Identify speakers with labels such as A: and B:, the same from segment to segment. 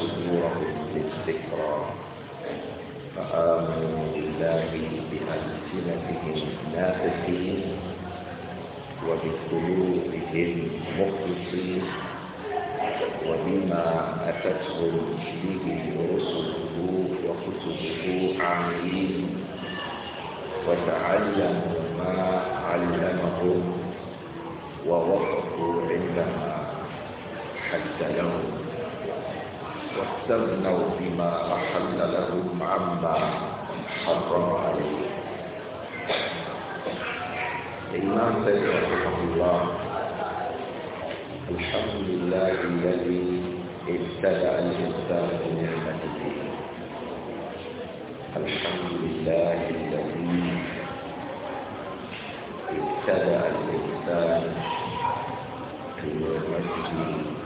A: صدورهم للذكرى فآمنوا بالله بألسنتهم نافقين وبقلوبهم مخلصين وبما أتتهم به رسله وكتبه عاملين وتعلموا ما علمهم ووقفوا عندما حتى يوم واستغنوا بما أحل لهم عما حرم عليهم الإمام سيد رحمه الله الحمد لله الذي ابتدأ الإنسان بنعمته الحمد لله الذي ابتدأ الإنسان بنعمته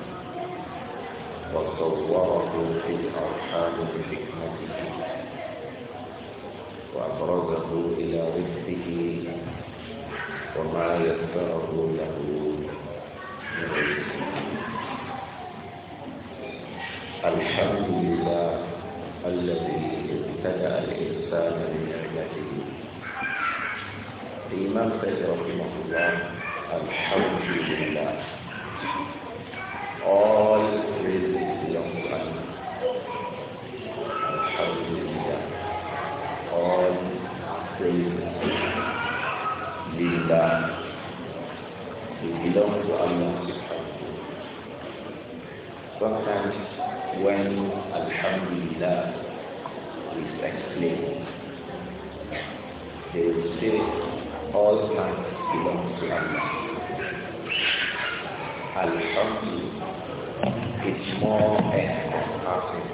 A: وصوره في الأرحام بحكمته وأبرزه إلى رزقه وما يسره له
B: الحمد لله
A: الذي ابتدأ الإنسان بنعمته في سيد رحمه الله الحمد لله All praise belongs to Allah. Alhamdulillah. All praise Lillah. It belongs to Allah. Sometimes when Alhamdulillah is explained, they will say all thanks belongs to Allah al is more encompassing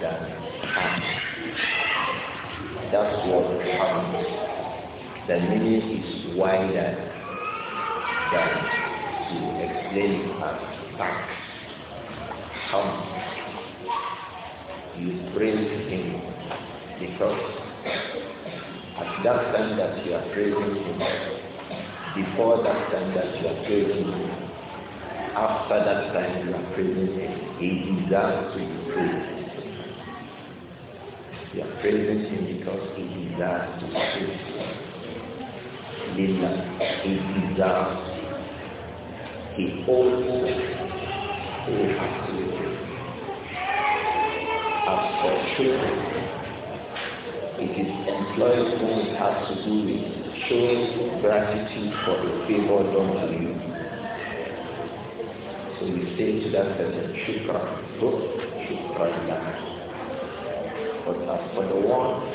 A: than Hamd. That's what comes. The meaning is wider than to explain it as How Hamd. You praise Him because at that time that you are praising Him, before that time that you are praising Him, after that time you are praising him. He deserves to be praised. You are praising him because he deserves to be praised. Lila, he deserves. He almost wholeheartedly as for children. It is employed when it has to do with showing gratitude for the favor done to you say to that person, Shukra, good, Shukra, But as for the one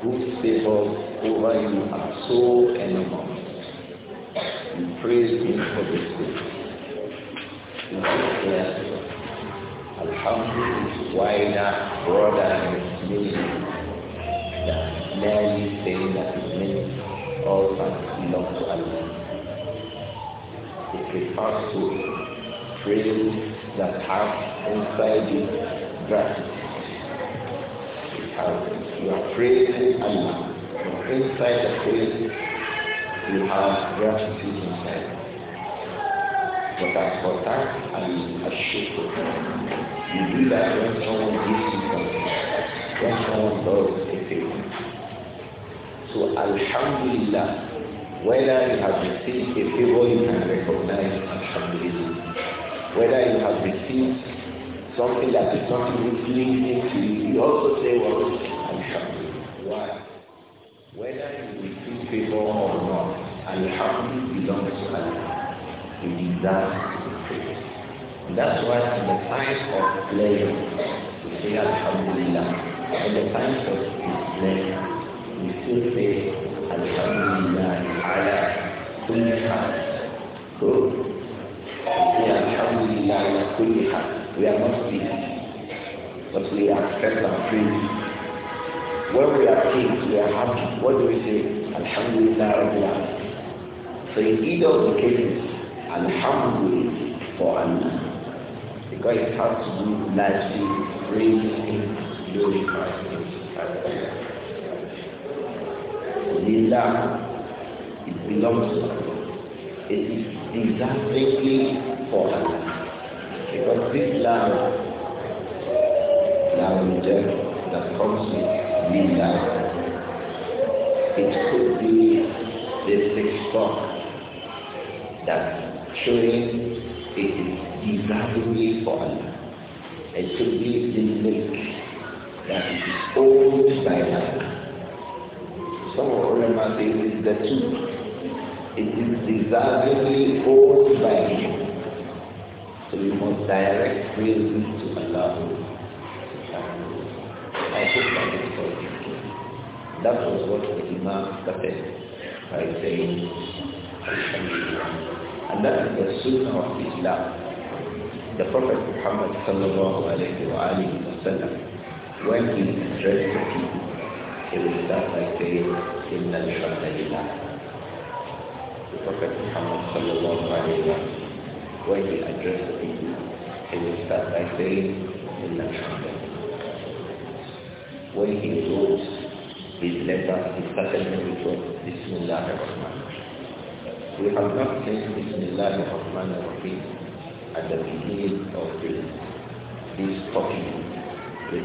A: whose favors over you are so enormous, you praise him for this day. You declare, Alhamdulillah, wider, broader, and million than merely saying that it means all that belong to Allah. It refers to phrase that has inside it gratitude. You are praising Allah. From inside the phrase, you have gratitude inside. But as for that, I as shukr, you do that when someone gives you something, when someone does a favor. So Alhamdulillah, whether you have received a favor, you can recognize Alhamdulillah whether you have received something that is not even linked to you, you also say, well, happy." Why? Whether you receive favor or not, happy, belongs to Allah.
B: It is that
A: to be praised. And that's why in the times of pleasure, we say Alhamdulillah. In the times of and praise. When we are pleased, we are happy. What do we say? Alhamdulillah Rabbil So in either of the cases, Alhamdulillah for Allah. Because it has to do with largely praising Him, glorifying it belongs to Allah. It is deservedly for Allah. Because this love that reject that comes with It could be the sixth talk that showing it is desirable, for Allah. It could be the milk that is owned by Allah. Some of ulama say it is the truth. It is desirably owned by Him. So we must direct praises to Allah took by the Prophet. That was what the Imam started by saying. And that is the Sunnah of Islam. The Prophet Muhammad sallallahu alayhi wa alayhi wa sallam, when he addressed the people, he will start by saying, Inna alhamdulillah. The Prophet Muhammad sallallahu alayhi wa sallam, when he addressed the people, he will start by saying, Inna alhamdulillah when he wrote his letter, he started it with uh, Bismillah ar-Rahman. We have not seen Bismillah ar-Rahman ar-Rahim at the beginning of the, this talking with the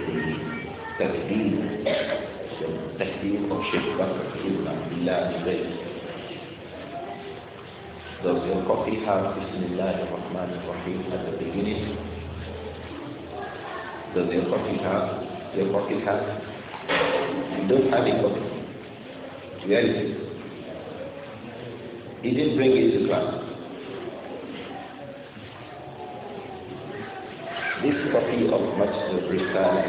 A: takbir, the takbir of Sheikh Bakr Ibn Abdullah does your copy have Bismillah ar-Rahman ar-Rahim at the beginning? Does your copy have a pocket has. You don't have a bucket. Where is it? He didn't bring it to class. This copy of Majid Risale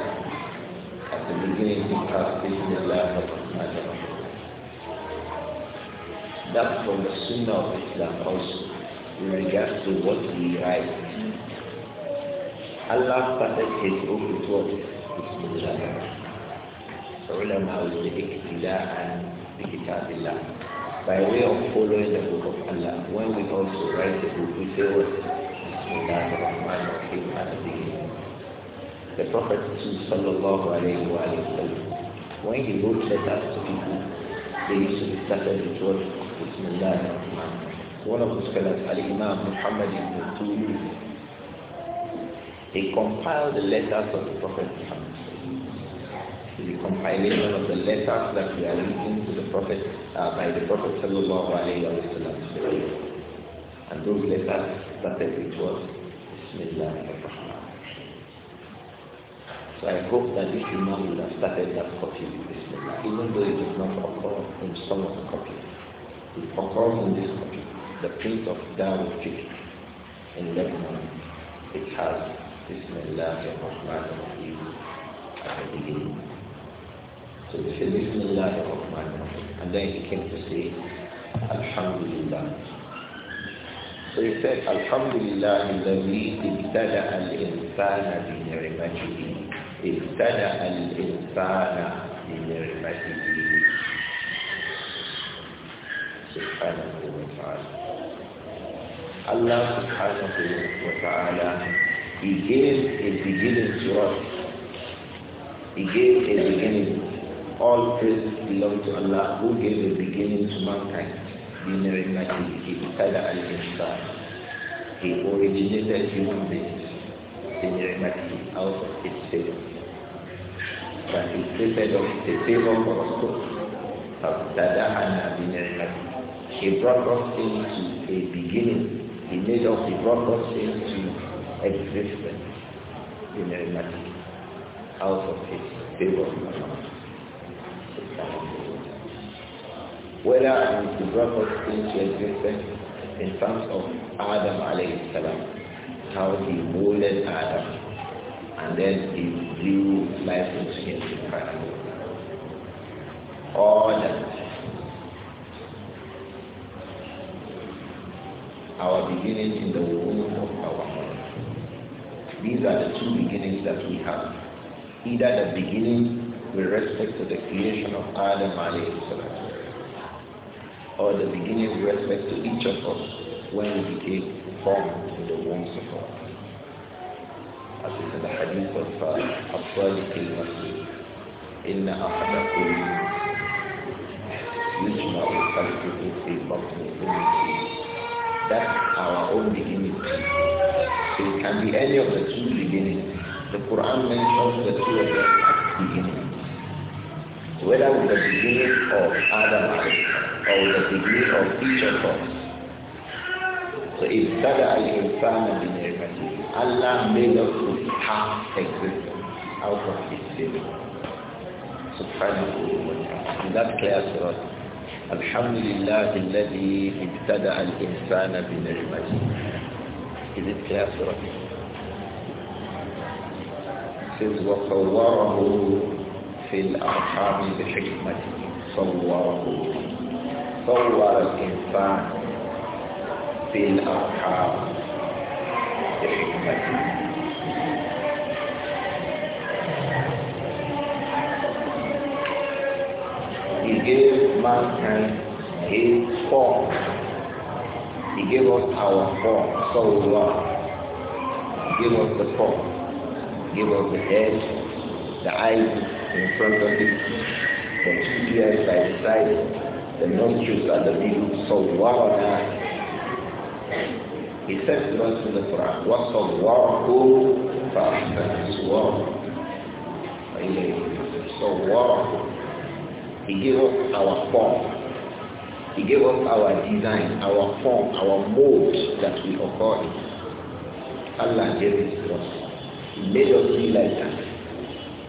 A: at the beginning of class, the ar of ar-Rahim. Not from the Sunnah of Islam also, in regards to what we write. Allah started his own with بسم الله علماء الاقتداء بكتاب Allah. by way of following the book of Allah when we also write the book we say what بسم الله at the beginning the Prophet sallallahu alayhi wa sallam when he wrote letters to people they used to be started with what بسم الله الرحمن one of the scholars al-Imam Muhammad ibn Tuli he compiled the letters of the Prophet Muhammad compilation of the letters that we are written to the Prophet uh, by the Prophet sallallahu Alaihi Wasallam, and those letters started with what? Bismillah So I hope that this Imam would have started that copy with Bismillah, even though it does not occur in some of the copies. It occurs in this copy, the print of Darul Fiqh in Lebanon. It has Bismillah ar-Rahman ar-Rahim at the beginning. So they said, Bismillah ar-Rahman And then he came to say, Alhamdulillah. So he said, Alhamdulillah, الذي ابتدأ الإنسان بنعمته. ابتدأ الإنسان بنعمته. سبحانه وتعالى. Allah subhanahu wa ta'ala, He gave a beginning to us. He gave a beginning all praises belong to Allah who gave the beginning to mankind. He He originated human beings بنعمته out of his favor. That he created us the favor for us to فابتدأنا بنعمته. He brought us into a beginning. He made us, he brought us into existence بنعمته out of his favor. whether the Prophet into existence in terms of Adam alayhi salam, how he molded Adam and then he blew life into him All that. Our beginning in the womb of our mother. These are the two beginnings that we have. Either the beginning with respect to the creation of Adam alayhi salam or the beginning with respect to each of us when we became formed in the wombs of God. As it is the hadith of Al-Sadiq al-Masih, إِنَّ أَحَدَكُمْ يُجْمَعُ خَلْقِهِ فِي بَطْنِ أُمِّهِ That's our own beginning. it can be any of the two beginnings. The Quran mentions the two of them at the beginning. whether with the beginning of Adam or with the beginning of each of us. So if Bada al-Insan Allah made us to have existence out of his sin. Subhanahu wa ta'ala. Is that clears for us. الحمد لله الذي ابتدع الإنسان بنعمته. Is it clear for us? Says وصوره في الأرحام بحكمة صوره صور الإنسان في الأرحام بحكمة He gave mankind his form. He gave us our form, so Allah. He gave us the form. He gave us the head, the eyes, in front of it for two years by the side, the nostrils and the middle, so صورنا he said to us in the Quran, وَصَوَّرْهُ فَأَحْسَنَ so صَوَّرْهُ He gave us our form. He gave us our design, our form, our mold that we occur in. Allah gave it to us. He made us be like that.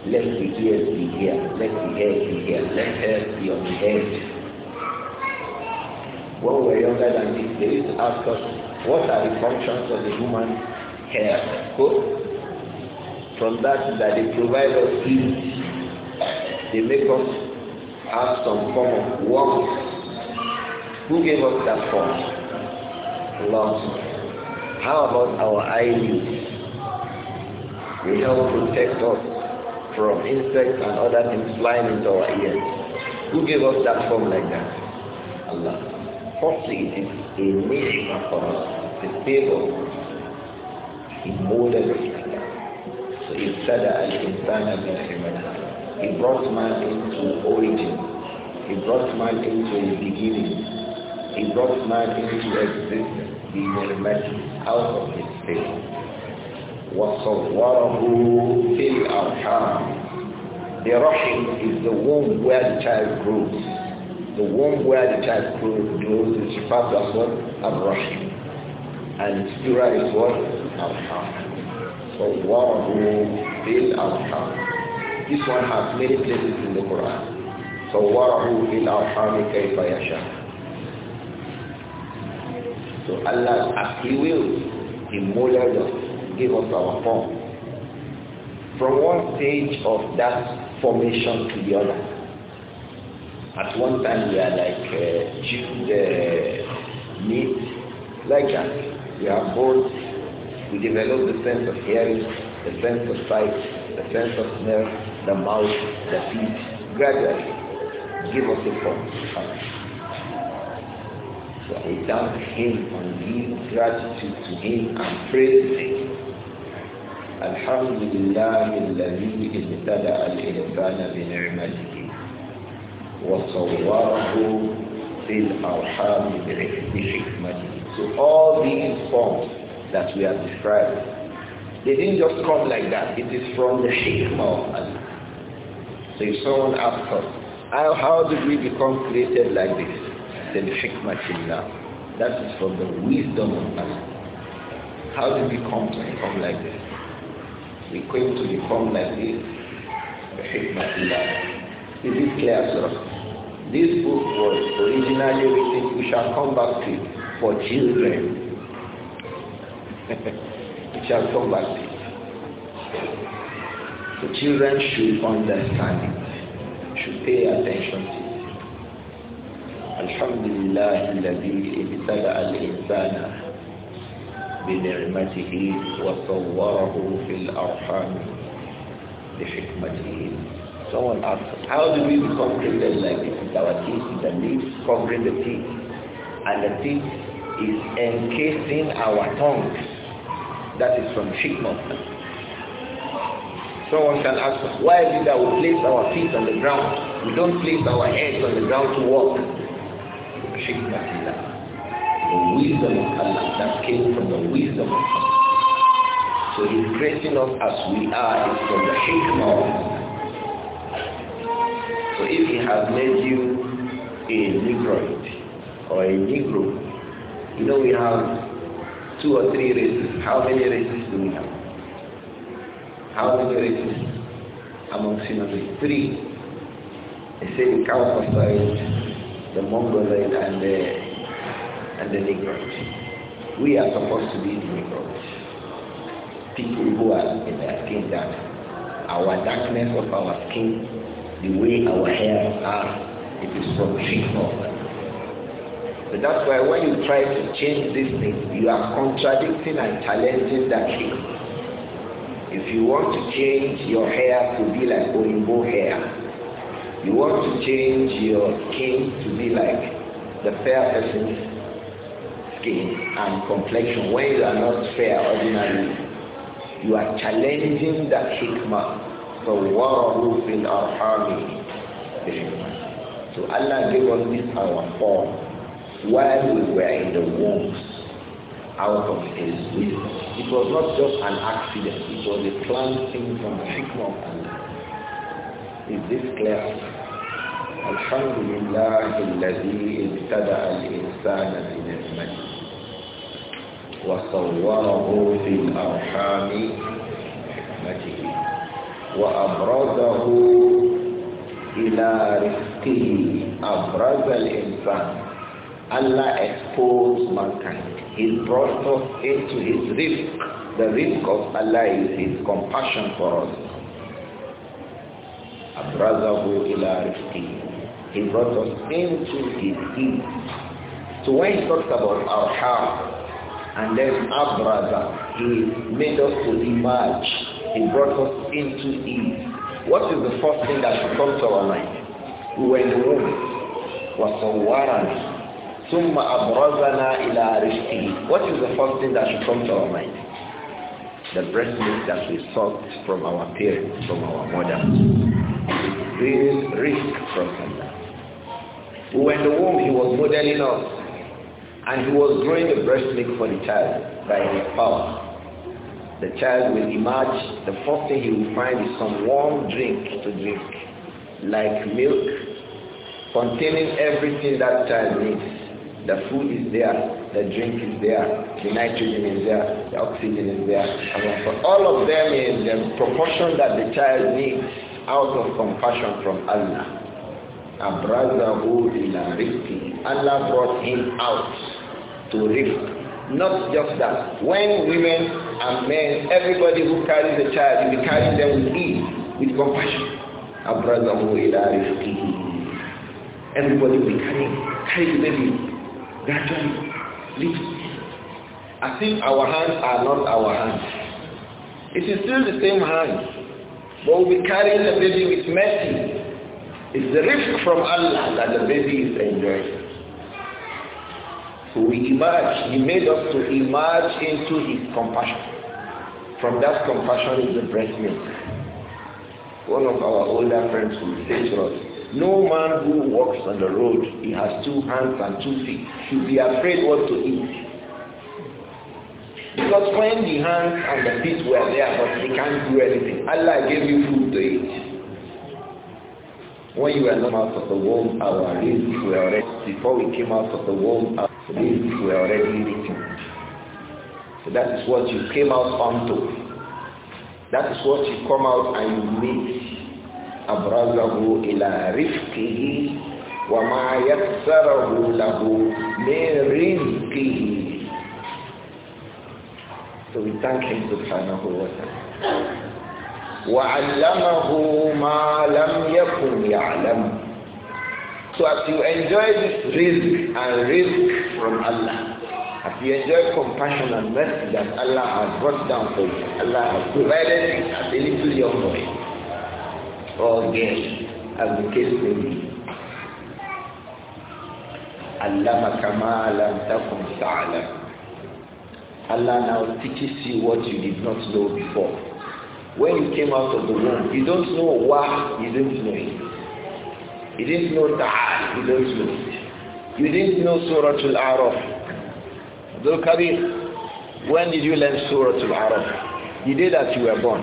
A: Let the ears be here. Let the head be here. Let hair be on the head. When we were younger than this, they used to ask us, what are the functions of the human hair? Cool. From that, that they provide us heat. They make us have some form of warmth. Who gave us that form? Love. How about our eyes? We help protect us from insects and other things flying into our ears. Who gave us that form like that? Allah. Firstly, it is a ni'mah for us, the table, He molded us like that. So he said al-insana bi He brought man into origin. He brought man into a beginning. He brought man into existence. He will emerge out
B: of his table.
A: وَصَوَّرَهُ فِي الْأَرْحَامِ The Russian is the womb where the child grows. The womb where the child grows is referred to as what? Al-Rahim. And its plural is what? al So صَوَّرَهُ fil الْأَرْحَامِ This one has many places in the Quran. صوره fil الأرحام كيف يشاء So Allah, as He will, He molded us gave us our form. From one stage of that formation to the other. At one time we are like uh, chewed uh, meat, like that. We are both, we develop the sense of hearing, the sense of sight, the sense of smell, the mouth, the feet. Gradually, give us a form. So I thank him and give gratitude to him and praise him. الحمد لله الذي ابتدأ الإنسان بنعمته وصوره في الأرحام بحكمته So all these forms that we have described, they didn't just come like that. It is from the hikmah of Allah. So if someone asks us, how, how did we become created like this? Then hikmatillah. That is from the wisdom of Allah. How did we come to become like this? We came to the form like this, Hikmatullah. Is it clear sir? This book was originally written, we shall come back to it, for children. we shall come back to it. So children should understand it, should pay attention to it. الحمد لله الذي ابتدأ الإنسان بنعمته وصوره في الأرحام بحكمته Someone asked, how do we become created like this? It's our teeth, it's the lips covering the teeth. And the teeth is encasing our tongue. That is from Shikmah. Someone can ask us, why is it that we place our feet on the ground? We don't place our heads on the ground to walk. Shikmah the wisdom of Allah that came from the wisdom of Allah. So He's creating us as we are is from the hikmah of So if He has made you a Negroid or a Negro, you know we have two or three races. How many races do we have? How many races amongst humans? Three. They say the cow the mongoloid and the the We are supposed to be the negligent. People who are in their skin dark. Our darkness of our skin, the way our hair are, it is from treatment. But that's why when you try to change this thing, you are contradicting and challenging that thing. If you want to change your hair to be like Olimbo hair, you want to change your skin to be like the fair person's skin and complexion when you are not fair ordinarily. You are challenging that hikmah. So in our arhami. So Allah gave us this our form while we were in the wombs out of his will. It was not just an accident, it was a planned thing from the hikmah of Allah. Is this clear? Alhamdulillah, الذي ابتدأ الإنسان بنعمته وصوره في الأرحام حكمته وأبرزه إلى رزقه أبرز الإنسان Allah exposed mankind. He brought us into his risk. The risk of Allah is his compassion for us. Abrazahu ila He brought us into his ease. So when he talks about our harm, and then Abraza, he made us to emerge. He brought us into Eve. What is the first thing that should come to our mind? We were in the womb. وصورني ثم أبرزنا ila رشده What is the first thing that should come to our mind? The breast milk that we sucked from our parents, from our mother. Real risk from Allah. When the womb, he was modeling us. And he was growing a breast milk for the child by his power. The child will emerge, the first thing he will find is some warm drink to drink, like milk, containing everything that child needs. The food is there, the drink is there, the nitrogen is there, the oxygen is there. And all of them in the proportion that the child needs out of compassion from Allah. in a rizqi. Allah brought him out to risk. Not just that. When women and men, everybody who carries a child, you carry them with ease, with compassion. Everybody will be carrying, carry the baby gradually, little. I think our hands are not our hands. It is still the same hand, but we'll be carrying the baby with mercy. It's the risk from Allah that the baby is enjoying. we emerge, He made us to emerge into His compassion. From that compassion is the breast milk. One of our older friends who says to us, no man who walks on the road, he has two hands and two feet, should be afraid what to eat. Because when the hands and the feet were there, but they can't do anything, Allah gave you food to eat. When you were not out of the womb, our limbs were already, before we came out of the womb, we are already written. So that is what you came out onto. That is what you come out and you meet. أبرزه إلى رفقه وما يكسره له من رزقه So we thank him subhanahu wa
B: ta'ala.
A: وعلمه ما لم يكن يعلمه So as you enjoy this risk and risk from Allah, as you enjoy compassion and mercy that Allah has brought down for you, Allah has provided as a little young boy or girl, as the case may be. علمك ما لم تكن تعلم Allah now teaches you what you did not know before. When you came out of the womb, you don't know why you didn't know it. You didn't know Ta'al, you don't know. You didn't know Surah Al-Araf. Abdul Kabir, when did you learn Surah Al-Araf? The day that you were born.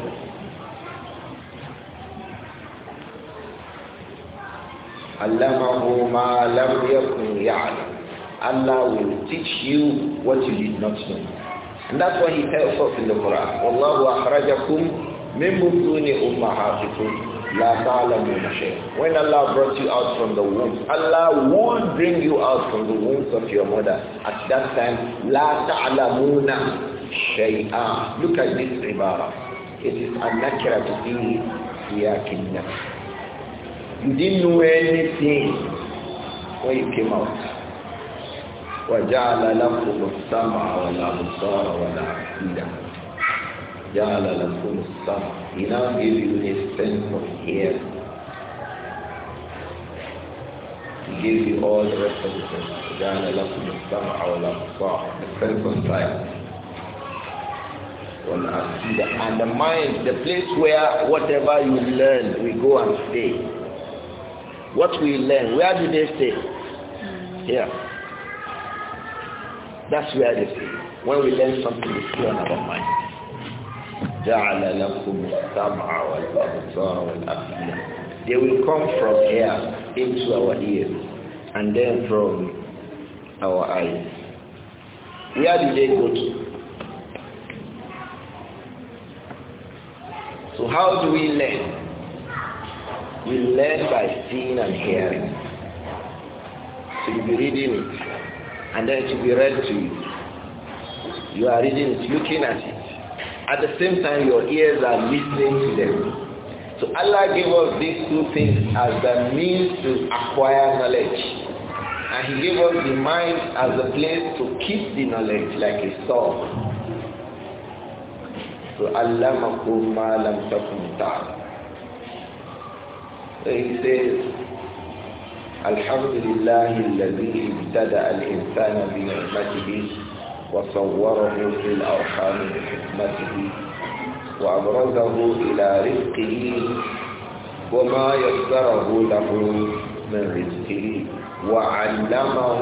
A: Allamahu ma lam yakun Allah will teach you what you did not know. And that's what he tells us in the Quran. وَاللَّهُ أَخْرَجَكُمْ مِنْ بُطُونِ أُمَّهَاتِكُمْ when Allah brought you out from the womb, Allah will bring you out from the wombs of your mother. At that time, La ta'lamuna shay'an. Look at this ibara. It is an-nakira fi siyakin You didn't know anything when you came out. وَجَعَلَ لَكُمُ السَّمْعَ ولا وَالْأَفْئِدَةَ وَجَعَلَ لَكُمُ السَّمْعَ He now gives you a sense of hearing. He gives you all the rest of the sense. وَجَعَلَ لَكُمُ السَّمْعَ وَالْأَبْصَارَ The sense of sight. And the mind, the place where whatever you learn, we go and stay. What we learn, where do they stay? Here. That's where they stay. When we learn something, we stay on our mind. جعل لكم السمع والأبصار والأفئدة they will come from here into our ears and then from our eyes where did they go to so how do we learn we learn by seeing and hearing so you'll be reading it and then it will be read to you you are reading it looking at it at the same time, your ears are listening to them. So Allah gave us these two things as the means to acquire knowledge. And He gave us the mind as a place to keep the knowledge like a store. So Allah makum ma lam takum So He says, الحمد لله الذي ابتدأ الإنسان بنعمته وصوره في الأرحام بحكمته وأبرزه إلى رزقه وما يسره له من رزقه وعلمه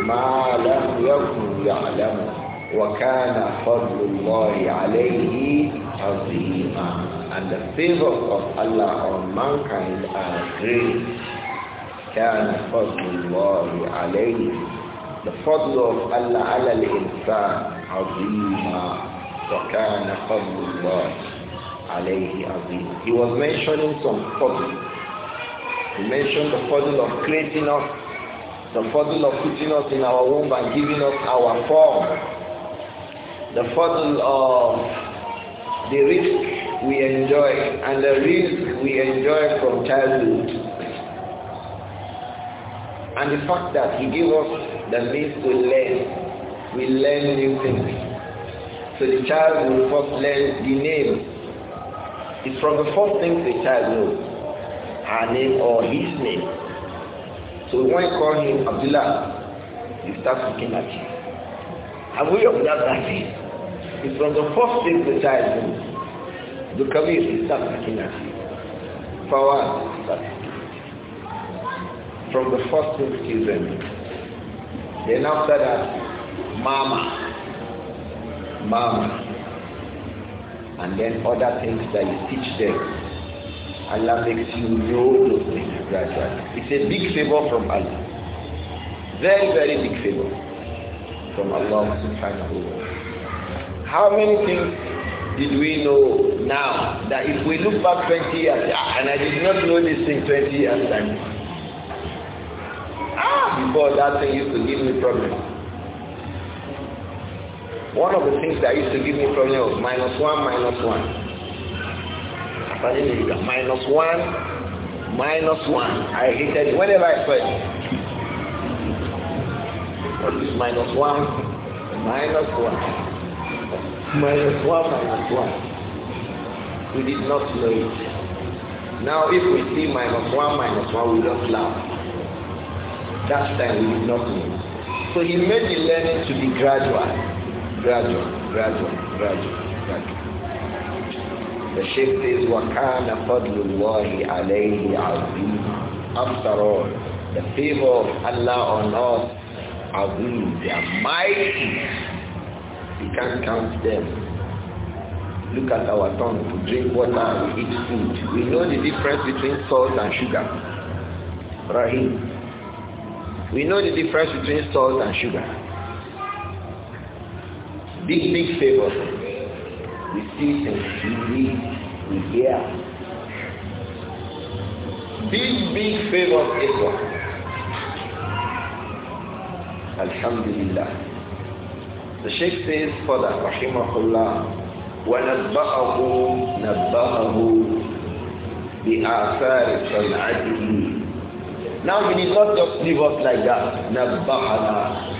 A: ما لم يكن يعلمه وكان فضل الله عليه عظيما and the favor of Allah on mankind are great كان فضل الله عليه The fadl of Allah ala al-insan azima وَكَانَ فَضْلُ اللَّهِ He was mentioning some fadl. He mentioned the fadl of creating us, the fadl of putting us in our womb and giving us our form, the fadl of the risk we enjoy and the risk we enjoy from childhood And the fact that he gave us the means to learn, we learn new things. So the child will first learn the name. It's from the first thing the child knows, her name or his name. So when you call him Abdullah, he starts looking at you. Have we observed that thing? It's from the first thing the child knows. The Kabir, he starts looking at you. Power, starts from the first season. to Then after that, mama, mama, and then other things that you teach them. Allah makes you know those things gradually. It's a big favor from Allah. Very, very big favor from Allah subhanahu wa ta'ala. How many things did we know now that if we look back 20 years, ah, and I did not know this thing 20 years ago, before that thing used to give me problem. One of the things that used to give me problem was minus one, minus one. Minus one, minus one. I hated it whenever I saw it. What is minus one, minus one, minus one, minus one. We did not know it. Now if we see minus one, minus one, we just laugh. That time we did not know. So he made the learning to be gradual, gradual, gradual, gradual,
B: gradual.
A: The shift says, وَكَانَ فَضْلُ اللَّهِ عَلَيْهِ عَظِيمٌ After all, the favor of Allah on us are we, they are mighty. We can't count them look at our tongue to drink water, we eat food. We know the difference between salt and sugar. Rahim. We know the difference between salt and sugar. Big, big favor. We see things, we read, we hear. Big, big favor is what? Alhamdulillah. The Sheikh says further, Rahimahullah, ونبأه نبأه بآثار صنعته now you need not just leave us like that. Nabbahana.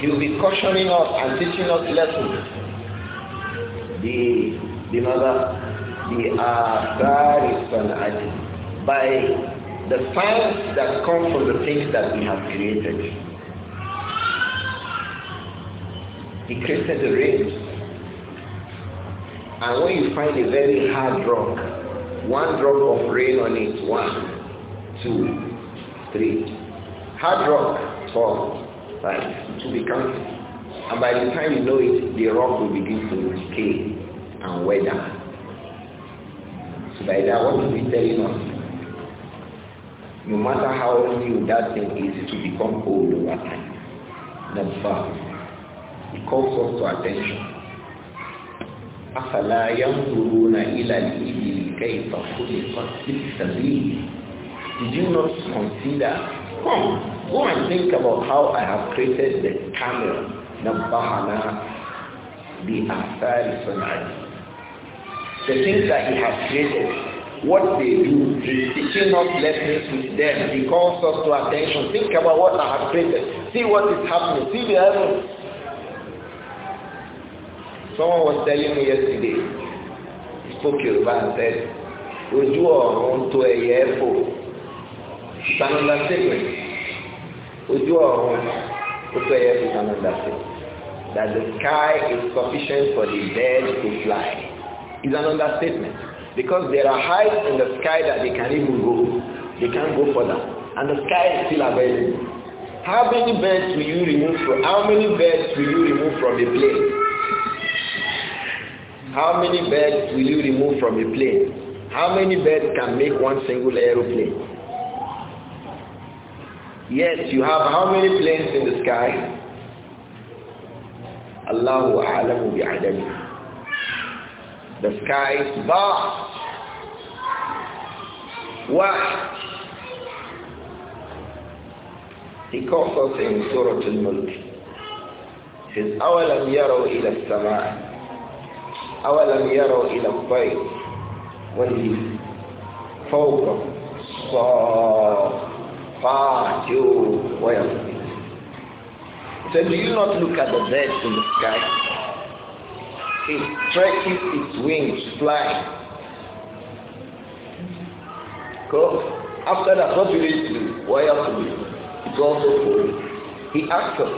A: He will be cautioning us and teaching us lessons. The the mother, the Asaris and by the signs that come from the things that we have created. He created the rain. And when you find a very hard rock, one drop of rain on it, one two, three. Hard rock, four, five, to be counted. And by the time you know it, the rock will begin to decay and weather. So by that, what is it telling us? No matter how new that thing is, it will become old over time. Number five, it calls us to attention. أفلا ينظرون إلى الإبل كيف خلقت في السبيل Did you not consider? Come, go and think about how I have created the camel. Nabbahana bi asari sunai. The things that he has created, what they do, he's teaching us lessons with them. He calls us to attention. Think about what I have created. See what is happening. See the heavens. Someone was telling me yesterday, he spoke Yoruba and said, Ojú ọ̀run tó ẹyẹ fò. You can understand it. Uju ọ̀run ó fẹ́ yẹ you can understand that the sky is sufficient for the birds to fly is an understatement because there are heights in the sky that they can even go. They can't go further and the sky is still available. How many birds will you remove from, how many birds will you remove from a plane? How many birds will you remove from a plane? How many birds can make one single aeroplane? Yes, you have how many planes in the sky? Allahu a'lamu bi'adami. The sky is vast. What? He calls us in Surah Al-Mulk. He says, أَوَلَمْ يَرَوْا إِلَى awalam أَوَلَمْ ila إِلَى الطَّيْرِ وَالْجِيلِ فَوْقَهُ صَافَّاتٍ Far وَيَغْفِرْ He said, do you not look at the birds in the sky? It stretches its wings, flying. Because after that, what will it do? else It's also He asked us,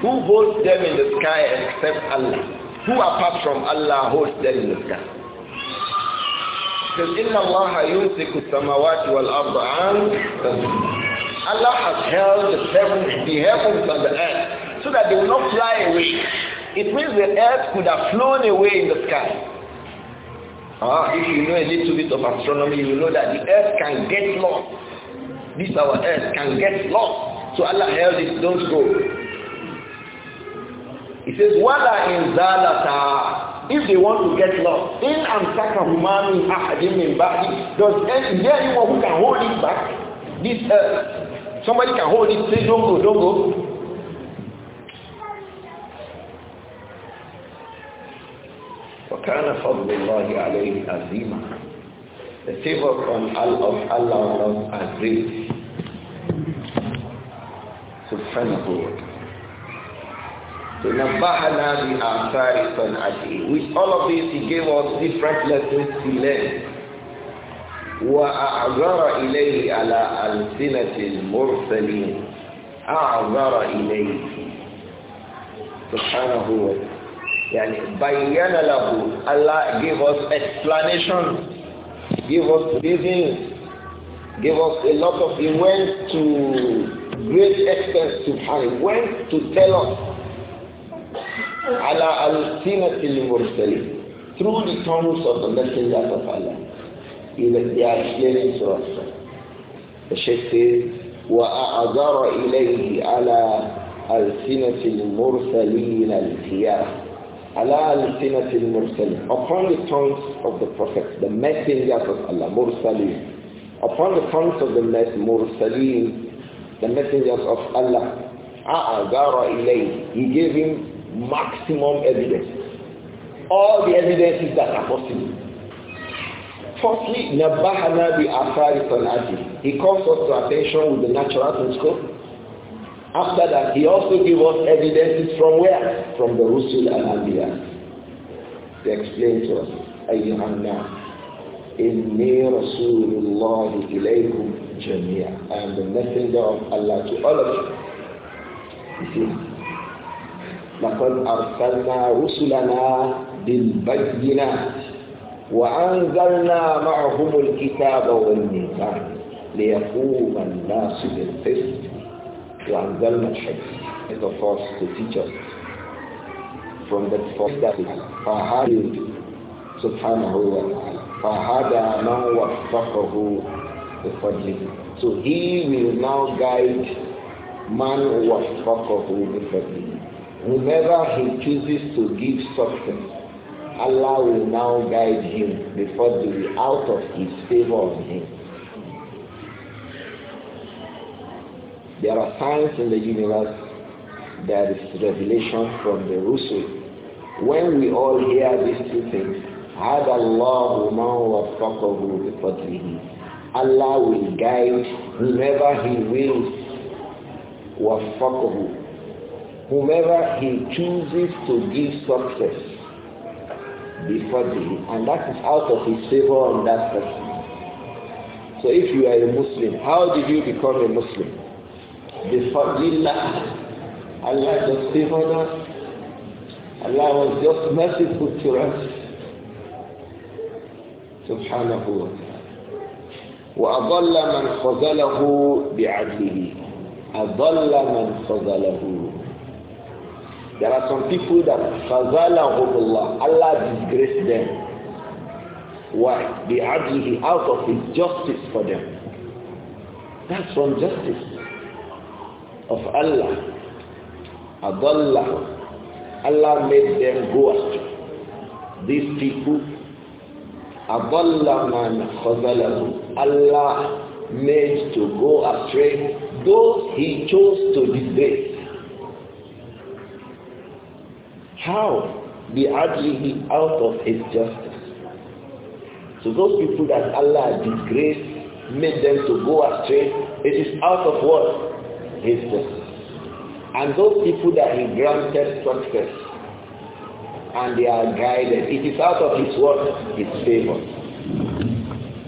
A: Who holds them in the sky except Allah? Who apart from Allah holds them in the sky? إن الله يمسك السماوات والأرض عن Allah has held the heavens, the heavens and the earth so that they will not fly away. It means the earth could have flown away in the sky. Ah, if you know a little bit of astronomy, you know that the earth can get lost. This our earth can get lost. So Allah held it, don't go. He says, Wala in zalata if they want to get lost, in amsaka humami ahadim min ba'di, does is there anyone who can hold it back? This
B: uh, somebody can hold it, say don't go, don't go.
A: وكان فضل الله عليه عظيما. The favor from Allah of Allah was great. Subhanahu wa ta'ala. Asari With all of this, he gave us different lessons to learn. وأعذر إليه على ألسنة المرسلين أعذر إليه سبحانه وتعالى يعني بيّن له Allah give us explanation give us reason, give us a lot of he went to great extent to find went to tell us ala al-sinatil mursalin through the tongues of the messengers of Allah. even They are explaining to us. The Sheikh says, وأعذر إليه على ألسنة المرسلين الخيار على ألسنة المرسلين upon the tongues of the prophets the messengers of Allah مرسلين upon the tongues of the مرسلين the messengers of Allah أعذر إليه he gave him maximum evidence. All the evidences that are possible. Firstly, Nabahana bi Afari Sanati. He calls us to attention with the natural telescope. After that, he also gives us evidences from where? From the Rusul and Abiyah. They explain to us, أيها الناس إني رسول Jamia. I am the messenger of Allah to all of you. You see, لقد أرسلنا رسلنا بالبينات وأنزلنا معهم الكتاب والميزان ليقوم الناس بالقسط وأنزلنا الحديث It's the first to teach us from the first that فهذا سبحانه وتعالى فهذا ما وفقه بفضله So he will now guide man وفقه بفضله Whomever he chooses to give something, Allah will now guide him before the be out of his favor on him. There are signs in the universe that is revelation from the Rusul. When we all hear these two things, هذا الله من وفقه بفضله Allah will guide whomever he wills whomever he chooses to give success before him, and that is out of his favor on that person. So if you are a Muslim, how did you become a Muslim? Before Allah, Allah just favored us. Allah was just merciful to us. سبحانه وتعالى وأضل من خذله بعدله أضل من خذله there are some people that Allah, Allah disgraced them. Why? They the out of his justice for them. That's from justice of Allah. Adallah. Allah made them go astray. These people, Adallah man khazalahu. Allah made to go astray those he chose to disgrace. How? Be adlihi out of his justice. So those people that Allah disgraced, made them to go astray, it is out of what? His justice. And those people that he granted success, and they are guided, it is out of his what? His favor.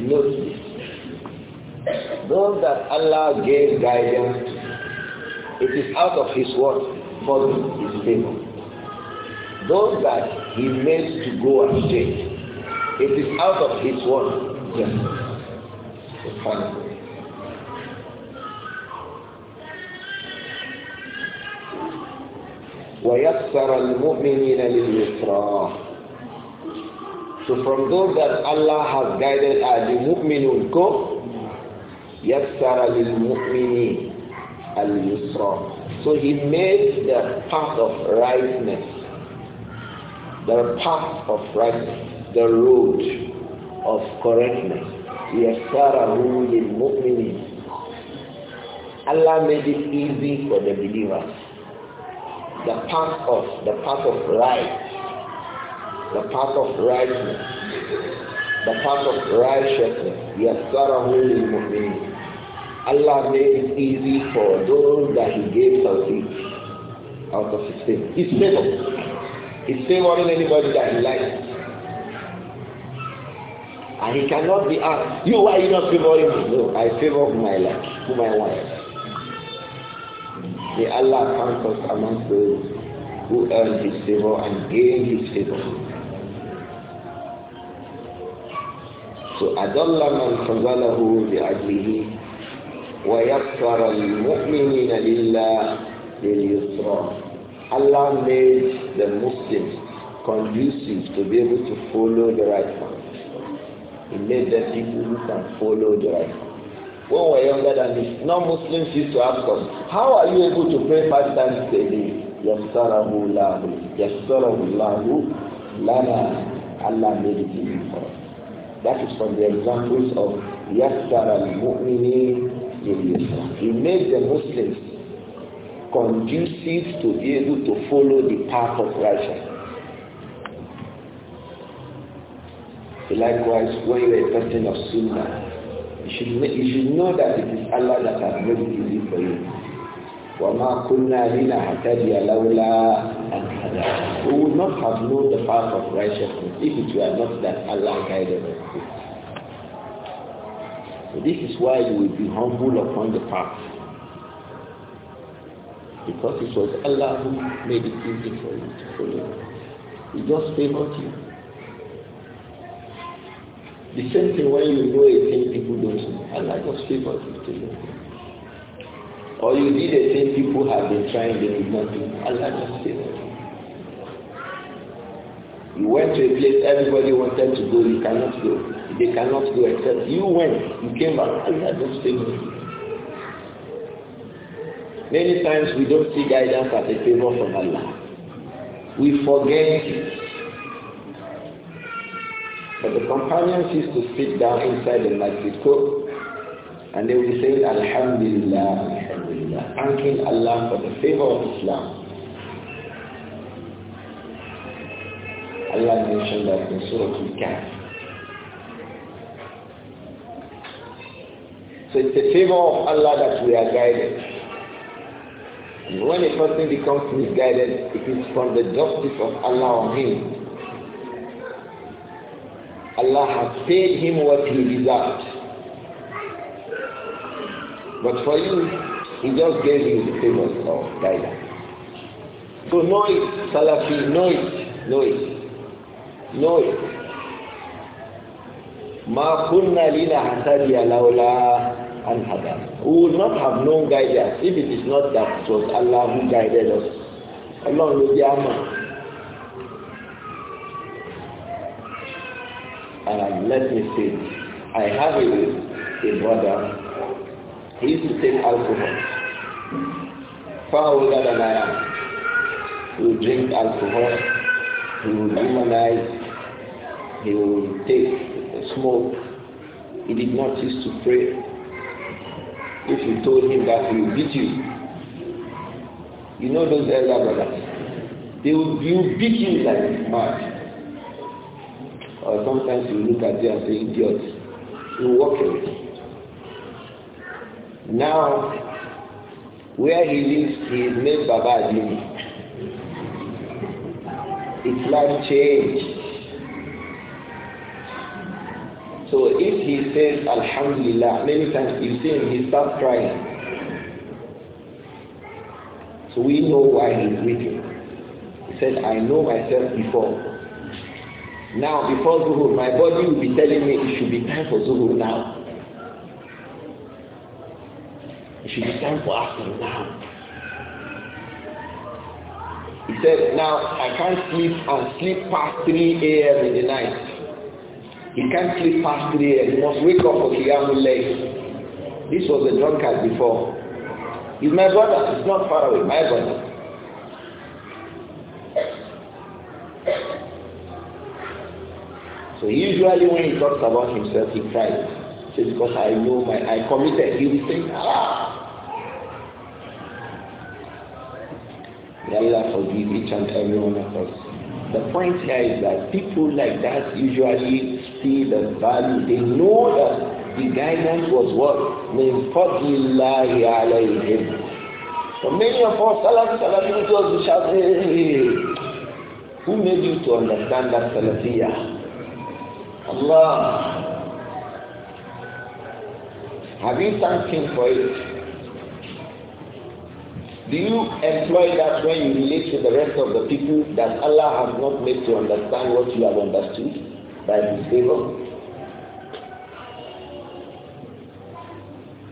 A: Note this. Those that Allah gave guidance, it is out of his what? For his favor. Those that he made to go astray, it is out of his word. Yes. ويسر المؤمنين لليسرى So from those that Allah has guided are the mu'minun ko يسر للمؤمنين al-yusra. So he made the path of rightness the path of righteousness, the road of correctness. يَسَّرَهُ لِلْمُؤْمِنِينَ Allah made it easy for the believers. The path of, the path of right, the path of righteousness, the path of righteousness. Allah made it easy for those that He gave salvation out of His favor. His favor. is favoring anybody that he likes. And he cannot be asked, you why are you not favoring me? No, I favor whom I like, whom I want. May Allah count us among those who earn his favor and gain his favor. So أَدَلَّ مَنْ فَضَلَهُ بِعَدْلِهِ ويسر المؤمنين لله لليسرى Allah made the Muslims conducive to be able to follow the right path. He made the people who can follow the right path. When we were younger than this, non-Muslims used to ask us, how are you able to pray five times a day? Yassarahu lahu, yassarahu lahu, lana, Allah made it easy for us. That is from the examples of yassar al-mu'mini, He made the Muslims conducive to be able to follow the path of righteousness. likewise, when you are a person of sunnah, you should, you should know that it is Allah that has made it easy for you. وَمَا كُنَّا لِنَهْتَدِيَ لَوْلَا أَنْ We would not have known the path of righteousness if it were not that Allah guided us. So this is why you will be humble upon the path. Because it was Allah who made it easy for you to follow. He just favored you. The same thing when you do a thing people don't know. Allah just favored you to know. Or you did a thing people have been trying, they did not do. Allah just favored you. You went to a place everybody wanted to go, you cannot go. They cannot go except you went. You came back. Allah just favored you. Many times we don't see guidance as a favor from Allah. We forget that But the companions used to sit down inside the masjid cook and they would say, Alhamdulillah, Alhamdulillah, thanking Allah for the favor of Islam. Allah mentioned that in Surah Al-Kahf. So it's a favor of Allah that we are guided. When a person becomes misguided, it is from the justice of Allah on him. Allah has paid him what he deserved. But for you, he just gave you the favour of guidance. So know it, Salafi, know it, know it, know it. ما كنا لنهتدي لولا anhada. We would not have known guidance if it is not that it was Allah who guided us. Ọlọ́run ló jẹ́ àmà. Um, let me say, I have a, a brother. He used to take alcohol. Far older than I am. He would drink alcohol. He would humanize. He would take smoke. He did not used to pray if you told him that he will beat you. You know those elder brothers. They will, they beat you like mad. Or sometimes you look at them and say, idiot. You walk away. Now, where he lives, he is named Baba Adini. His life changed. So if he says Alhamdulillah, many times you see him, he starts crying. So we know why he's weeping. He said, I know myself before. Now, before Zuhur, my body will be telling me it should be time for Zuhur now. It should be time for Asr now. He said, now I can't sleep and sleep past 3 a.m. in the night. He can't sleep past 3 a.m. He must wake up for Qiyamul Layl. This was a drunkard before. He's my brother. He's not far away. My brother. So usually when he talks about himself, he cries. He says, because I know my, I committed. He will say, ah. May Allah forgive each and every one of us. The point here is that people like that usually see the value. They know that the guidance was what? Min fadlillahi alayhim. So many of us, Salafi Salafi to us, shout, hey, Who made you to understand that salafiya? Allah. Have you thanked Him for it? Do you employ that when you relate to the rest of the people that Allah has not made to understand what you have understood? by His favor.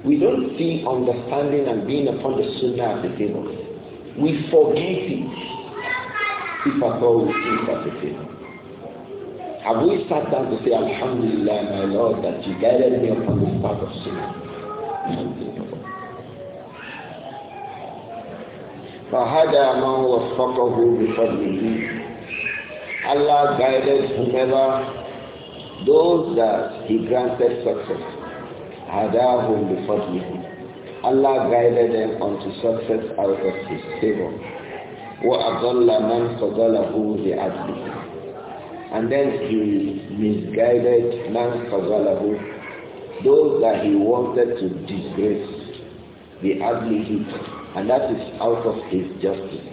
A: We don't see understanding and being upon the Sunnah as a favor. We forget it if at all we think as a favor. Have we sat down to say, Alhamdulillah, my Lord, that you guided me upon this path of Sunnah? فهدى من وفقه بفضله Allah guided whomever those that he granted success, hadahum bifadlihi. Allah guided them unto success out of his favor. وَأَضَلَّ مَنْ فَضَلَهُ بِعَدْلِهِ And then he misguided man فَضَلَهُ Those that he wanted to disgrace, the ugly And that is out of his justice.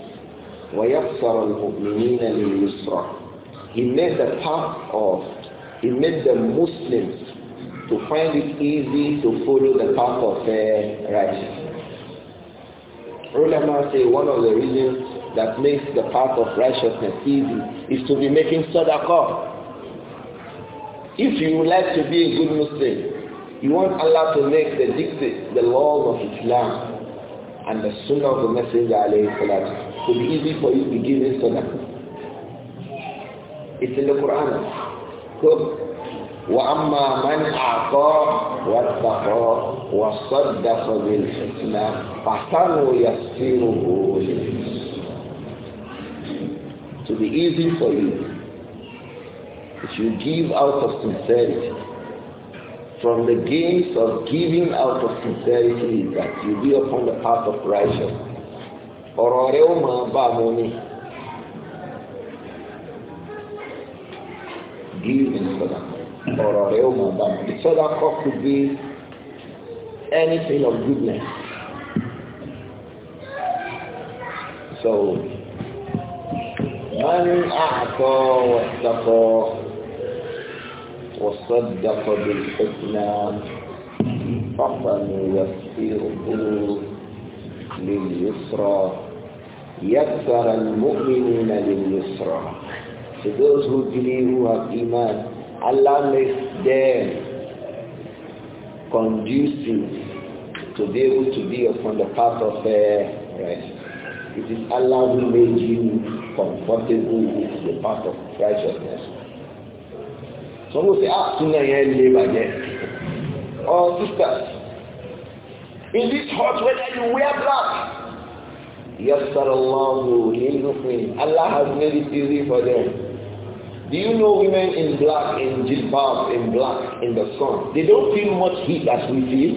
A: He made the path of he made the Muslims to find it easy to follow the path of uh, righteousness. Ulama say one of the reasons that makes the path of righteousness easy is to be making sadaqah. If you like to be a good Muslim, you want Allah to make the dictate, the laws of Islam and the sunnah of the Messenger alayhi salatu. It will be easy for you to be giving sadaqah. It's in the Quran. كفر وأما من أعطى واتقى وصدق بالحسنى يسيره للناس. To be easy for you if you give out of sincerity. From the gains of giving out of sincerity that you be upon the path of righteousness. give in sadaqah or a real that the sadaqah could be anything of goodness. So, من أعطى واتقى وصدق بالحسنى يسيره لليسرى يسر المؤمنين لليسرى To those who believe, who have Iman, Allah makes them conducive to be able to be upon the path of uh, rest. It is Allah who made you comfortable with the path of righteousness. Some will say, ah, sooner here live again. Oh, sisters, in this hot weather you wear black. sir. Allah Allah has made it easy for them. Do you know women in black, in jilbab, in black, in the sun? They don't feel much heat as we feel.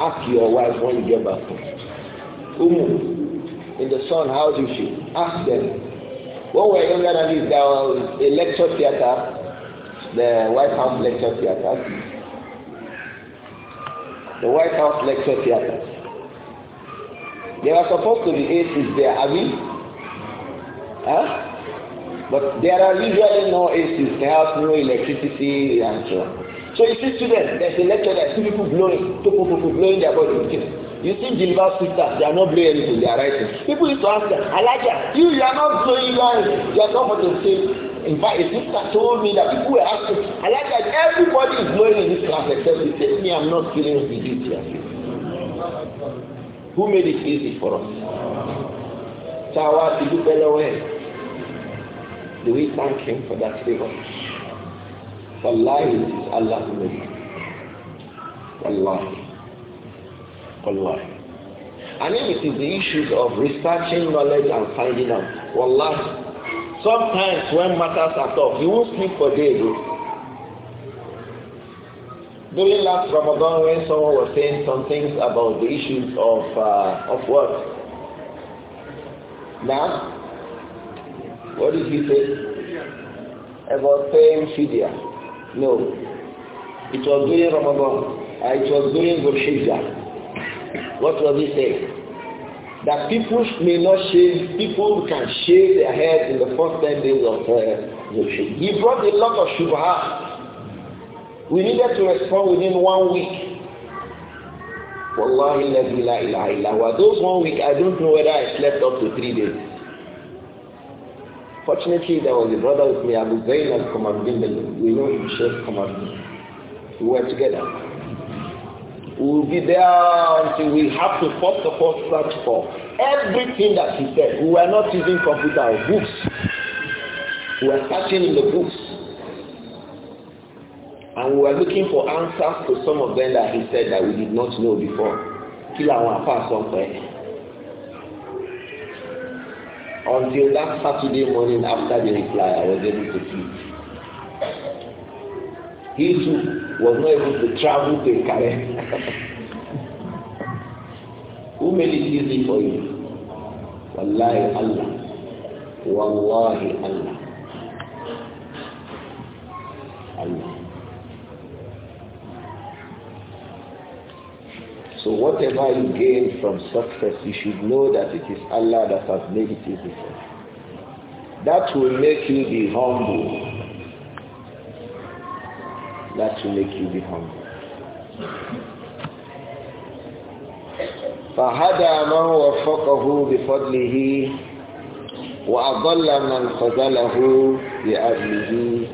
A: Ask your wife when you get back home. Umu, in the sun, how do you feel? Ask them. When we were younger than this, there was a lecture theater, the White House lecture theater. The White House lecture theater. They were supposed to be atheists. there, I mean. Huh? But there are usually no ACs, perhaps no electricity and so on. So you see students, there's a lecture that see people blowing, people, people blowing their body. You see Jilva sisters, they are not blowing anything, they are writing. People used to ask them, Alaja, you, you are not blowing lines, you are not what they say. In fact, a sister told me that people were asking, Alaja, everybody is blowing in this class except you. Tell me I'm not feeling the duty of you. Who made it easy for us? Tawa, did you fellow well? Do we thank him for that favor? Allah it is Allah who made it. Wallahi. Wallahi. And if it is the issues of researching knowledge and finding out, wallahi, sometimes when matters are tough, you won't sleep for days. Oh. During last Ramadan, when someone was saying some things about the issues of uh, of work, now what did he say? About paying fidya. No. It was during Ramadan. Uh, it was during Zulhijjah. What was he saying? That people may not shave, people can shave their head in the first 10 days of uh, Zulhijjah. He brought a lot of shubha. We needed to respond within one week. Wallahi la ilaha illa Those one week, I don't know whether I slept up to three days. Fortunately, there was a brother with me, Abu Zain al Komandin. We know him, Sheikh Komandin. We were together. We will be there until we have to first of all search for everything that he said. We were not using computer or books. We were searching in the books. And we were looking for answers to some of them that he said that we did not know before. Kí làwọn àfa sọ pé until that Saturday morning after the reply, I was able to sleep. He too was not able to travel to Ikare. Who made it easy for you? Wallahi Allah. Wallahi Allah. Allah. So whatever you gain from success, you should know that it is Allah that has made it easy for you. That will make you be humble. That will make you be humble. فهدى من وَفَقَهُ بِفَضْلِهِ وَأَضَلَّ من خذله بأهله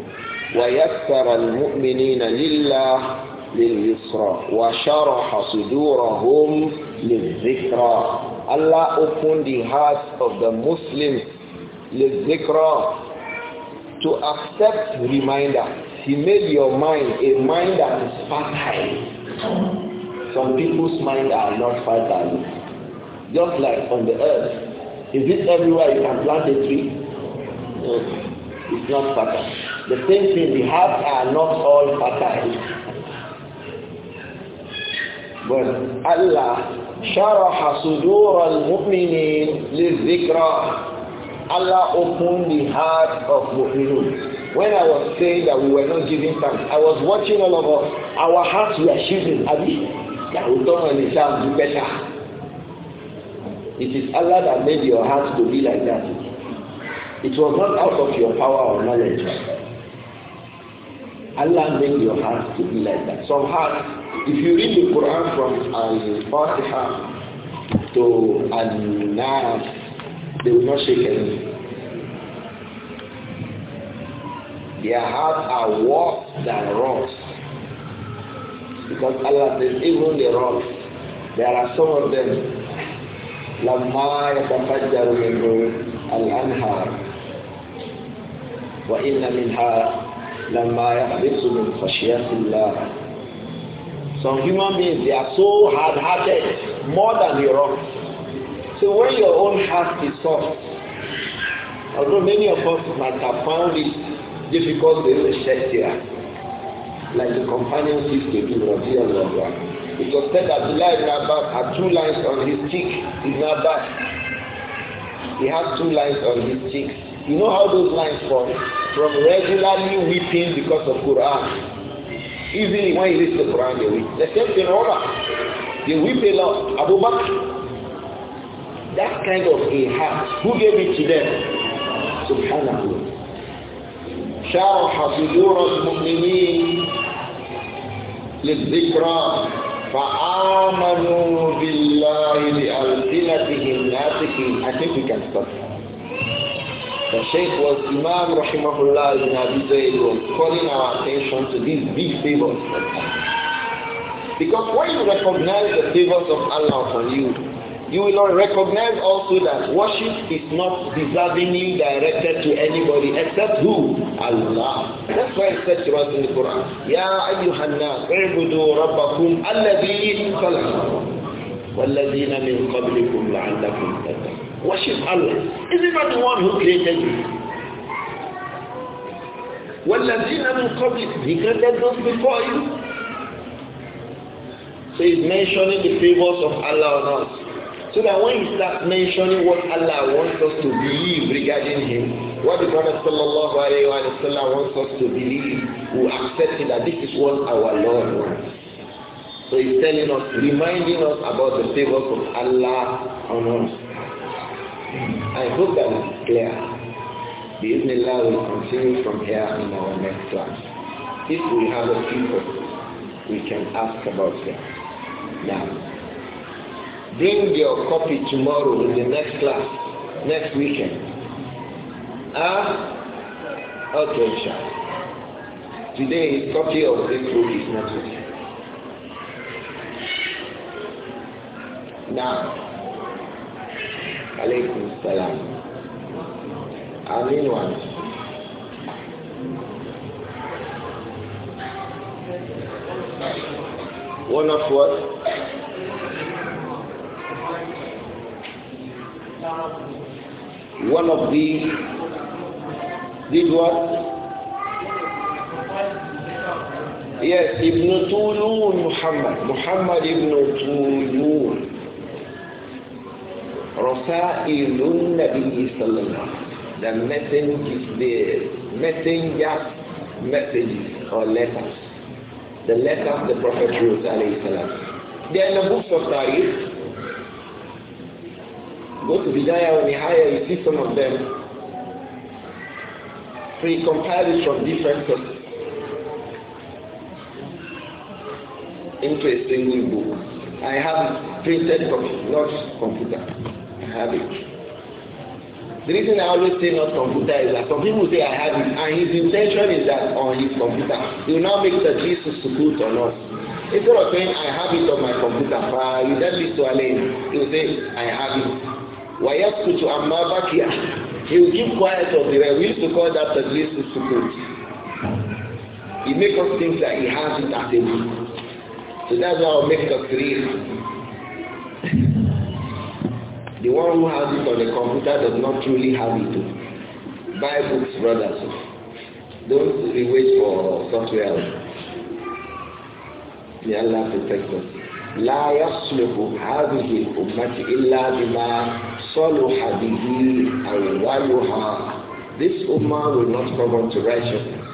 A: ويسر المؤمنين لله لليسرى وشرح صدورهم للذكرى Allah opened the hearts of the Muslims للذكرى to accept reminder he made your mind a mind that is fertile some people's mind are not fertile just like on the earth is it everywhere you can plant a tree no it's not fertile the same thing the hearts are not all fertile but Allah sharaha sudur al-mu'minin lizikra. Allah opened the heart of mu'minun. When I was saying that we were not giving thanks, I was watching all of us. Our hearts were shivering. Abi, that we don't understand do better. It is Allah that made your heart to be like that. It was not out of your power or knowledge. Allah made your heart to be like that. Some hearts, if you read the Quran from Al-Fatiha to Al-Nas, they will not shake Their hearts are worse than rocks. Because Allah says, even the rocks, there are some of them. لما يتفجر منه الأنهار وإن منها لما يحدث من خشية الله some human beings they are so hard hearted more than the rock so when your own heart is soft although many of us might have found it difficult to accept here, like the companions used to do rabi it was said that the line abbas had two lines on his cheek in abbas he had two lines on his cheeks you know how those lines form? From regularly weeping because of Quran. Easily when you the Quran, they weep. The same thing Omar. They weep a lot. Abu Bakr. That kind of a heart. Who gave it to them? Subhanallah. شرح صدور المؤمنين للذكرى فآمنوا بالله بألسنتهم ناطقين I think we can stop. The Sheikh was Imam Rahimahullah in Abu Zayd was calling our attention to these big favors Because when you recognize the favors of Allah upon you, you will not recognize also that worship is not deservingly directed to anybody except who? Allah. That's why it said to us in the Quran, Ya ayyuhan nas, اعبدوا ربكم الذي خلقكم والذين من قبلكم لعلكم تتقون Worship Allah. Is he not the one who created you? وَالَّذِينَ in قَبْلِكُمْ He created those before you. So he's mentioning the favors of Allah on us. So that when he starts mentioning what Allah wants us to believe regarding him, what the Prophet sallallahu alayhi wa sallam wants us to believe, we accept it that this is what our Lord wants. So he's telling us, reminding us about the favors of Allah on us. I hope that is clear. now will continue from here in our next class. If we have a few questions, we can ask about them. Now, bring your copy tomorrow in the next class, next weekend. Ah, uh, okay, sure. Today, copy of this book is not with you. Now, عليكم السلام امين one. One of what?
B: One of these did what? Yes,
A: Ibn Tulun Muhammad. Muhammad Ibn Tulun. Rasailun Nabi Sallallahu The messengers, the messengers, messages or letters. The letters the Prophet wrote alayhi salam. They are in the books of Tariq. Go to bidaya or Nihaya, you see some of them. So he compiled it from different sources into a single book. I have printed copy, not computer. have The reason I always say not computer is that some people say I have it, and his intention is that on his computer, he will now make the Jesus to put on us. Instead of saying I have it on my computer, but you tell this to Alain, he will say I have it. Why Wayaskutu Amabakia. He will keep quiet of the rest. We used to call that the Jesus to put. He makes us think that he has it at a So that's why I'll make the creation. The one who has it on the computer does not truly have it. Buy books, brothers. Don't wait for software. May Allah protect us. لا يصلح هذه الأمة إلا بما صلح به أولها. This ummah will not come unto righteousness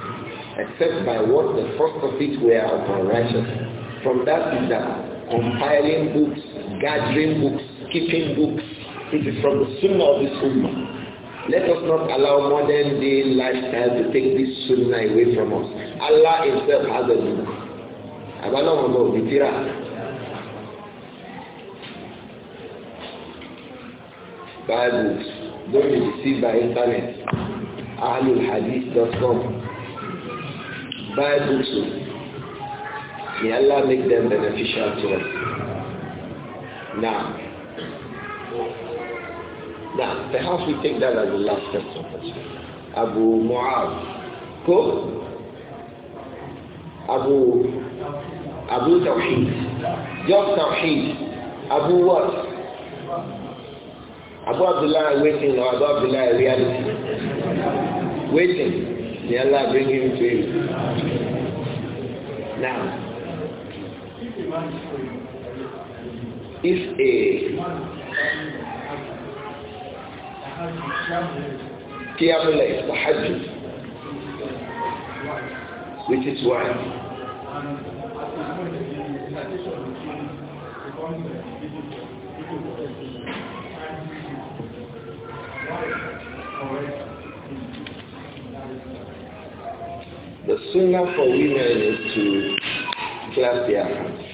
A: except by what the first of it were upon righteousness. From that is that compiling books, gathering books, keeping books, It is from the sunnah of this ummah. Let us not allow modern day lifestyle to take this sunnah away from us. Allah himself has a book. Abalawo mo bi tira. Bibles, don't be deceived by internet. ahlulhadith.com. Buy books. May Allah make them beneficial to
B: us.
A: Now, Now, perhaps we take that as the last question. Abu Mu'adh. Who? Abu Abu Tawheed. Just Tawheed. Abu what? Abu Abdullah waiting or Abu Abdullah
B: reality.
A: Waiting. May Allah bring him to you.
B: Now, if a Qiyamul Layl, tahajjud.
A: which is why The sooner for women is to clap their hands.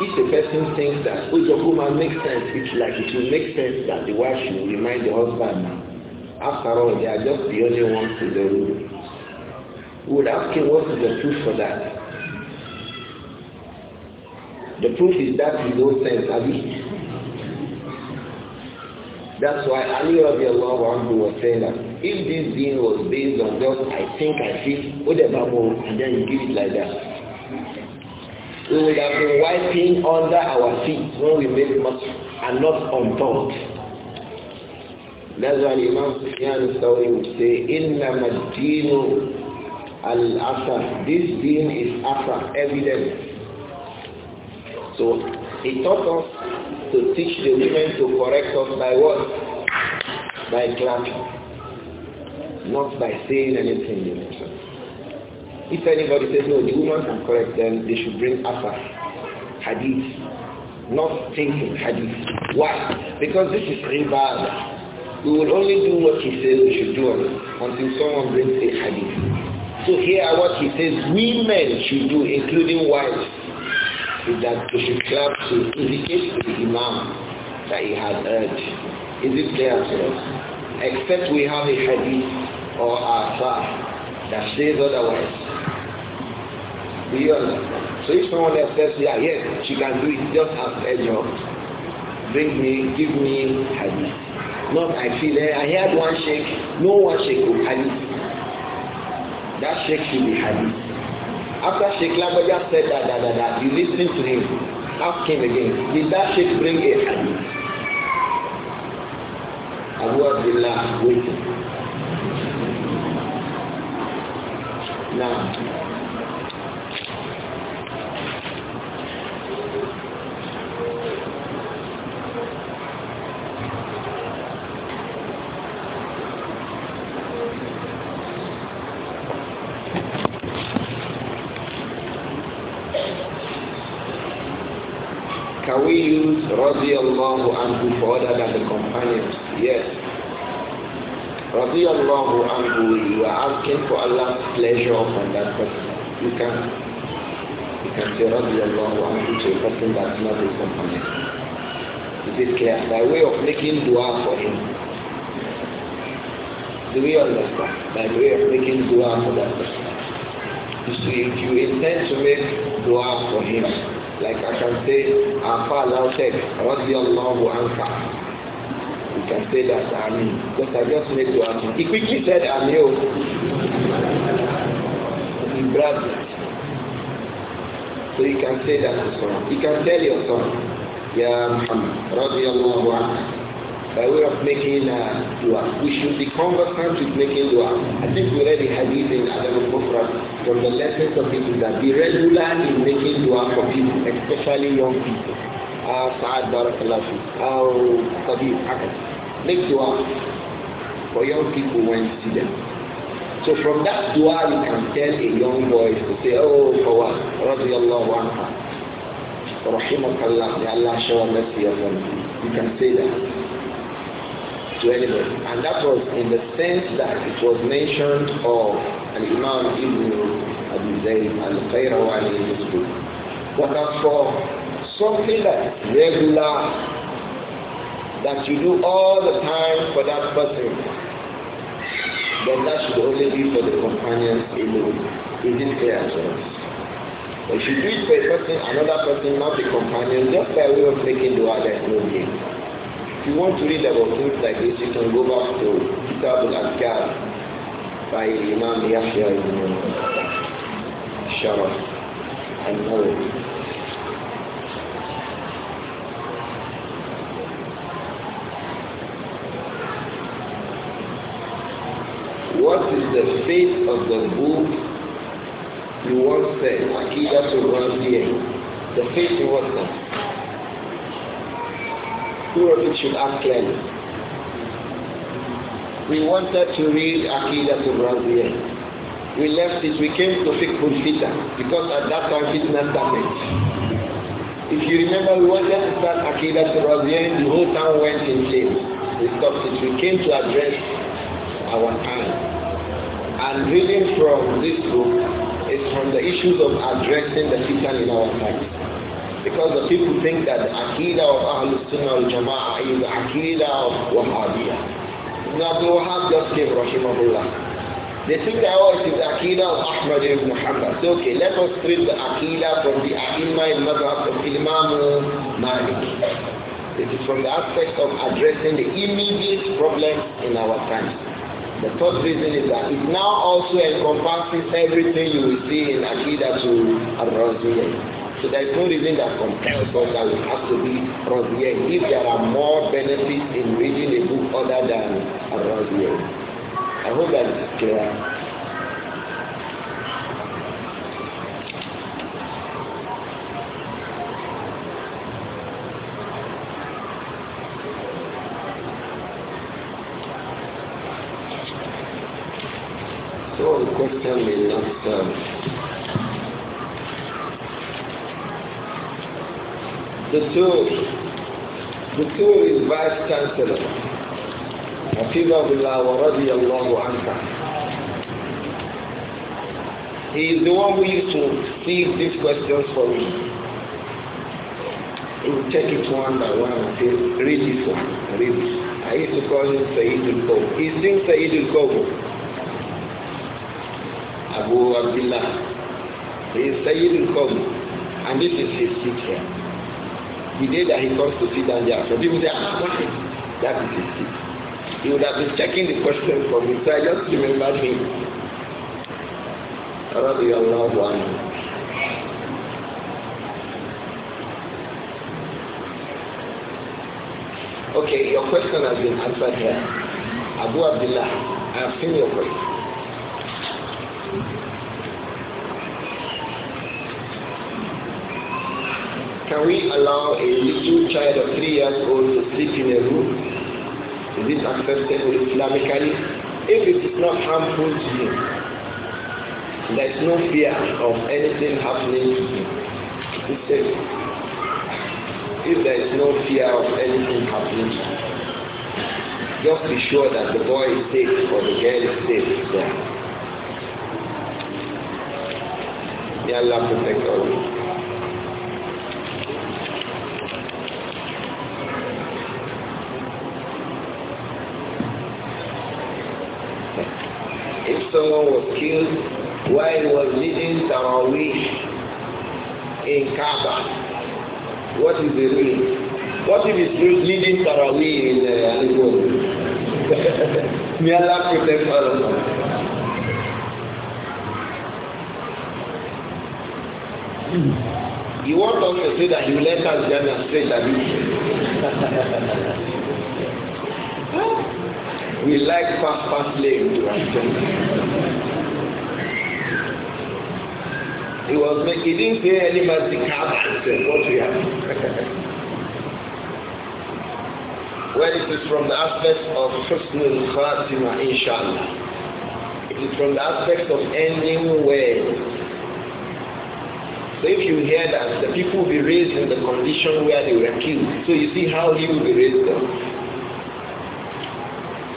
A: if the person thinks that oh, woman makes sense, it's like it will make sense that the wife should remind the husband now. After all, they are just the only ones in the room. We would ask him what is the proof for that. The proof is that he knows sense, Abi. That's why Ali radiallahu anhu was saying that if this deen was based on just I think I feel, whatever more, and then you give it like that, we would have been wiping under our feet when we make masjid and not on top. That's why Imam Sufyan Sawri would say, Inna madinu al Asa." This deen is asa evidence. So he taught us to teach the women to correct us by what? By clapping. Not by saying anything. If anybody says, no, the woman can correct them, they should bring asaf, hadith, not thinking hadith. Why? Because this is riba. We will only do what he says we should do until someone brings a hadith. So here what he says we men should do, including wives, is that we should clap to indicate to the imam that he has heard. Is it clear to us? Except we have a hadith or a hadith that says otherwise. beyond. So if someone else says, yeah, yes, she can do it, just ask her job. bring me, give me hadith. Not I feel, eh, I had one shake, no one shake with hadith. That shake should be hadith. After Sheikh Lagbaja said that, that, that, that, you listen to him, ask him again, did that shake bring a hadith? Abu Abdullah waiting. Now, we use radiallahu anhu for other than the companions? Yes. Radiallahu anhu, you are asking for Allah's pleasure from that person. You can you can say radiallahu anhu to a person that's not a companion. Is it clear? By way of making dua for him. Do we understand? By way of making dua for that person. You see, if you intend to make dua for him, Like I can say, Afa Lautek, Radiallahu Anfa. You can say that mean. Because I just need made you Amin. He quickly said Amin. He grabbed it. So you can say that to someone. You can tell your son, Ya Muhammad, Radiallahu Anfa. by way of making uh, dua. We should be conversant with making dua. I think we already have it in Adam al from the lessons of it is that be regular in making dua for people, especially young people. Uh, Sa'ad Barakallahu, uh, ah, Sabir, Make dua for young people when you see them. So from that dua you can tell a young boy to say, Oh Fawah, radiallahu anha, rahimakallah, may Allah show mercy upon you. You can say that to anybody. And that was in the sense that it was mentioned of an Imam Ibn Abi Zayd and qayrawani in his book. But as for something like regular, that you do all the time for that person, then that should only be for the companions Ibn. Is it clear to us? If you do it for a person, another person, not the companion, just by way of making dua, there's no if you want to read about things like this, you can go back to Kitab al-Adkar by Imam Yahya ibn Sharaf and others. what is the fate of the book you once said, Akida Surah The fate you once said. Who of it should act clearly. We wanted to read Aqidah to Brazil. We left it, we came to Fiqhul Fitna because at that time Fitna started. If you remember, we wanted to start Aqidah to Brazil, the whole town went insane. We stopped it. We came to address our time. And reading from this book is from the issues of addressing the fitna in our time. Because the people think that the akila of Ahlul Sunnah al Jama'ah is the Aqidah of Wahhabiyah. Ibn Wahhab just came Rahimahullah. They think that oh, it is the Aqidah of Ahmad ibn Muhammad. So, okay, let us treat the akila from the ai al madhab of Imam Malik. It is from the aspect of addressing the immediate problem in our time. The third reason is that it now also encompasses everything you will see in Akida to Al-Raziyah. So there is no reason that compels us that we have to be Raziel if there are more benefits in reading a book other than Raziel. I hope that is clear. So the question may not serve. The two, the two is Vice Chancellor. حفظه الله ورضي الله عنه. He is the one who used to see these questions for me. He would take it one by one and say, read this one, read this. I used to call him Sayyid al-Qawm. He's still Sayyid al-Qawm. Abu Abdullah. He is Sayyid al-Qawm. And this is his seat here. The day that he comes to sit down there, so people say, ah, what That is his seat. He would have been checking the question for me, so I just remembered him. Rabbi Allah one. Okay, your question has been answered here. Abu Abdullah, I have seen your question. Can we allow a little child of three years old to sleep in a room? Is it acceptable Islamically? If it is not harmful to him, there is no fear of anything happening to him. He said, If there is no fear of anything happening to just be sure that the boy is safe or the girl is safe there. May Allah protect all of you. someone was killed while he was leading Tarawih in Kaaba. What is the reason? What if he's leading Tarawih in uh, Alibo? May Allah protect all of us. You want us to say that you let us demonstrate and straight you. We like fast, fast lane. He was making, he didn't pay any mercy card and what we have. well, it is from the aspect of personal Khatima, inshallah. It is from the aspect of ending well. So if you hear that, the people will be raised in the condition where they were killed. So you see how he will be raised them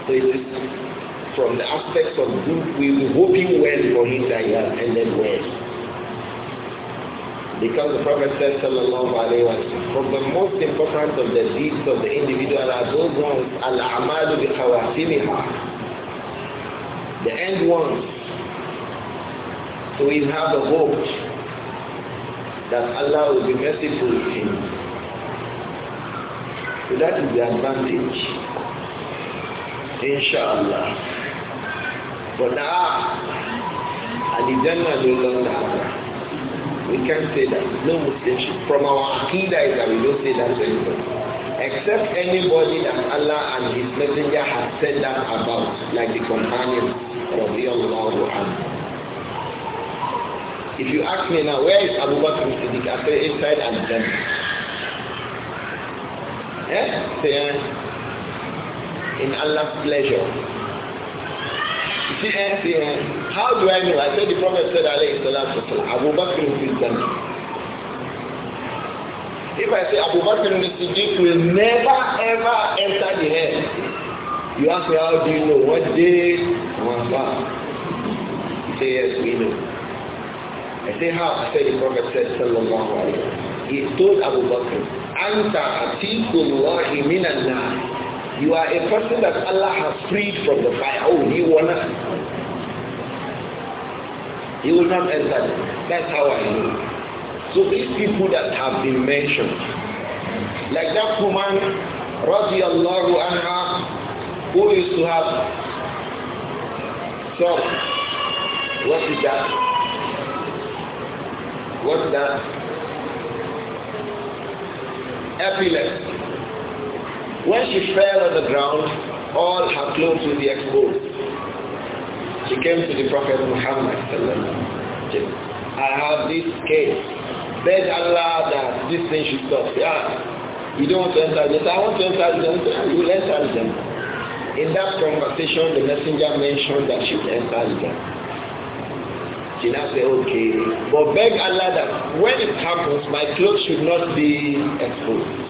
A: places from the aspect of good we will, hoping well for him that he has ended well. Because the Prophet said, sallallahu alayhi wa from the most important of the deeds of the individual are those ones, al-amalu bi the end ones. So we have the hope that Allah will be merciful to him. So that is the advantage. Inshallah. But now, Al-Jannah no longer We can't say that. No Muslim From our Aqidah is that we don't say that to anybody. Except anybody that Allah and His Messenger have said that about, like the companions of Allah. If you ask me now, where is Abu Bakr Siddiq? I say inside and then? Eh? eh? in Allah's pleasure. You see, eh, see eh, how do I know? I said the Prophet said, Allah is the alayhi salatu Abu Bakr is If I say Abu Bakr Siddiq will never ever enter the hell, you ask me, how do you know? What day? You say, yes, we know. I say, how? I said the Prophet said, sallallahu alayhi wa He told Abu Bakr, أنت عتيق الله من النار You are a person that Allah has freed from the fire. Oh, he won us. He will not enter. That's how I know. So these people that have been mentioned, like that woman, radiallahu anha, who used to have so what is that? What's that? Epilepsy. When she fell on the ground, all her clothes will be exposed. She came to the Prophet Muhammad. Said, I have this case. Beg Allah that this thing should stop. Yeah. You don't want to enter this. I want to enter this. You will enter them. In that conversation, the messenger mentioned that she would enter them. She now said, okay. But beg Allah that when it happens, my clothes should not be exposed.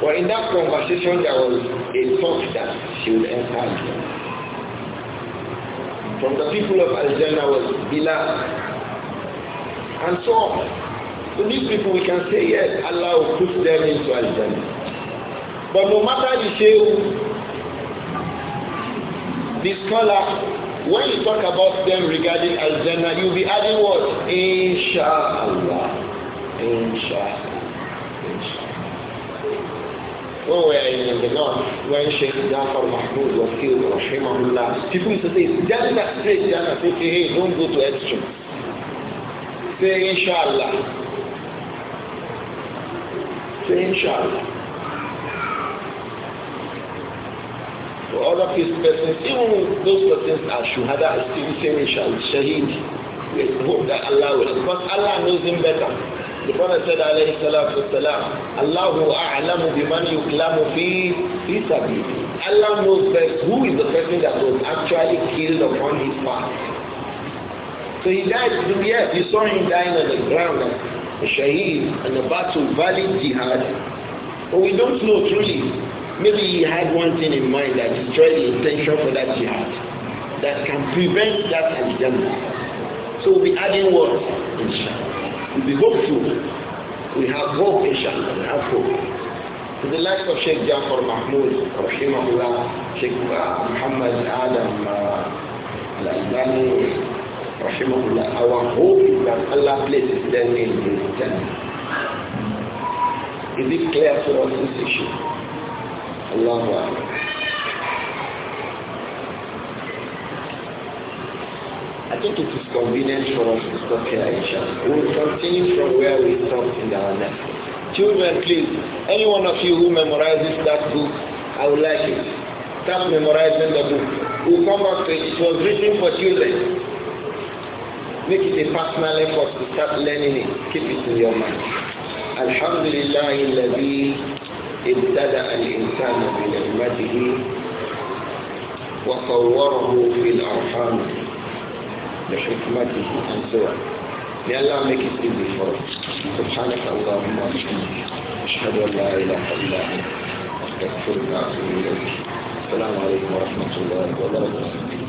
A: But in that conversation, there was a thought that she would enter From the people of al was Bilal. And so on. these people, we can say, yes, Allah will put them into al But no matter the shame, the scholar when you talk about them regarding aljanna you be adding what inshallah inshallah when we are in the north, when Sheikh Jafar Mahmoud was killed, Rahimahullah, people used to say, just that straight, just that straight, hey, don't go to extreme. Say, inshallah. Say, inshallah. For other persons, even those persons are shuhada, still saying, inshallah, shaheed. We hope that Allah will, because Allah knows him better. قال سيد عليه الصلاة والسلام الله أعلم بمن يكلم في في سبيله Allah knows best who is the person that was actually killed upon his path. So he died, yes, you saw him dying on the ground, the shaheed, and the battle, valid jihad. But we don't know truly. Maybe he had one thing in mind that destroyed the intention for that jihad that can prevent that from happening. So we'll be adding words, We'll be hopeful. We have hope, inshallah. We have hope. To the likes of Sheikh Jafar Mahmoud, Rahimahullah, Sheikh Muhammad Adam Al-Albani, Rahimahullah, our hope is that Allah places their name in His temple. Is it clear for us this issue? Allahu Akbar. I think it is convenient for us to stop here, Aisha. We will continue from where we stopped in our next. Children, please, any one of you who memorizes that book, I would like it. Start memorizing the book. We'll come back to it. It was written for children. Make it a personal effort to start learning it. Keep it in your mind. الحمد لله الذي ابتدأ الإنسان بنعمته وصوره في الأرحام لحكمته وسعه May Allah make it سبحانك اللهم وبحمدك أشهد أن لا إله إلا أنت أستغفرك وأتوب إليك السلام عليكم ورحمة الله وبركاته